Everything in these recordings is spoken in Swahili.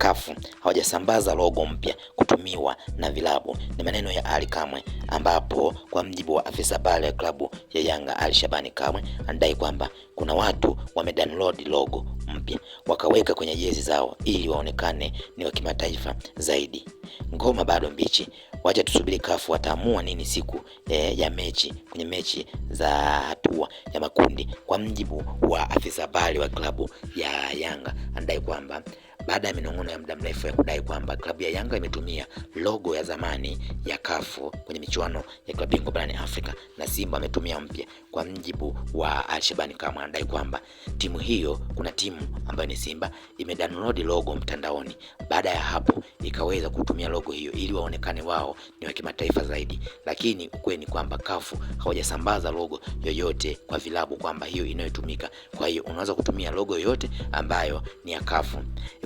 kafu hawajasambaza logo mpya kutumiwa na vilabu. Ni maneno ya Ali Kamwe, ambapo kwa mjibu wa afisa habari ya klabu ya Yanga Ali Shabani Kamwe anadai kwamba kuna watu wamedownload logo mpya wakaweka kwenye jezi zao ili waonekane ni wa kimataifa zaidi. Ngoma bado mbichi, wacha tusubiri kafu wataamua nini siku e, ya mechi kwenye mechi za hatua ya makundi. Kwa mjibu wa afisa habari wa klabu ya Yanga anadai kwamba baada ya minong'ono ya muda mrefu ya kudai kwamba klabu ya Yanga imetumia logo ya zamani ya kafu kwenye michuano ya klabu bingwa barani Afrika na Simba ametumia mpya, kwa mjibu wa Alshabani kama anadai kwamba timu hiyo, kuna timu ambayo ni Simba imedownload logo mtandaoni, baada ya hapo ikaweza kutumia logo hiyo ili waonekane wao ni wa kimataifa zaidi, lakini ukweli ni kwamba kafu hawajasambaza logo yoyote kwa vilabu kwamba hiyo inayotumika. Kwa hiyo unaweza kutumia logo yoyote ambayo ni ya kafu.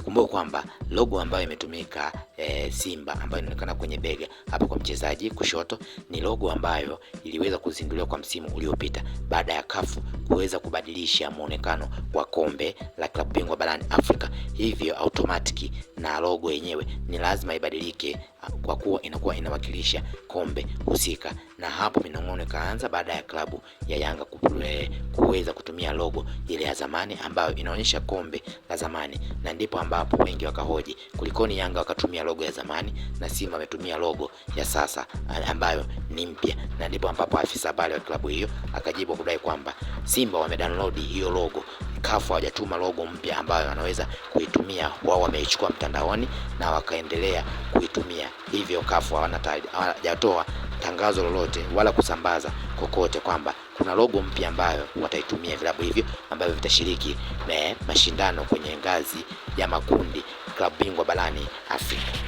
Tukumbuke kwamba logo ambayo imetumika e, Simba ambayo inaonekana kwenye bega hapa kwa mchezaji kushoto ni logo ambayo iliweza kuzinduliwa kwa msimu uliopita baada ya kafu kuweza kubadilisha muonekano wa kombe la klabu bingwa barani Afrika, hivyo automatic na logo yenyewe ni lazima ibadilike ah, kwa kuwa inakuwa inawakilisha kombe husika, na hapo minong'ono ikaanza baada ya klabu ya Yanga eh, kuweza kutumia logo ile ya zamani ambayo inaonyesha kombe la zamani na ndipo ambayo ambapo wengi wakahoji kulikoni Yanga wakatumia logo ya zamani na Simba ametumia logo ya sasa ambayo ni mpya, na ndipo ambapo afisa pale wa klabu hiyo akajibu kudai kwamba Simba wamedownload hiyo logo kafu hawajatuma logo mpya ambayo wanaweza kuitumia, wao wameichukua mtandaoni na wakaendelea kuitumia. Hivyo Kafu hawana hawajatoa tangazo lolote wala kusambaza kokote kwamba kuna logo mpya ambayo wataitumia vilabu hivyo ambavyo vitashiriki eh, mashindano kwenye ngazi ya makundi klabu bingwa barani Afrika.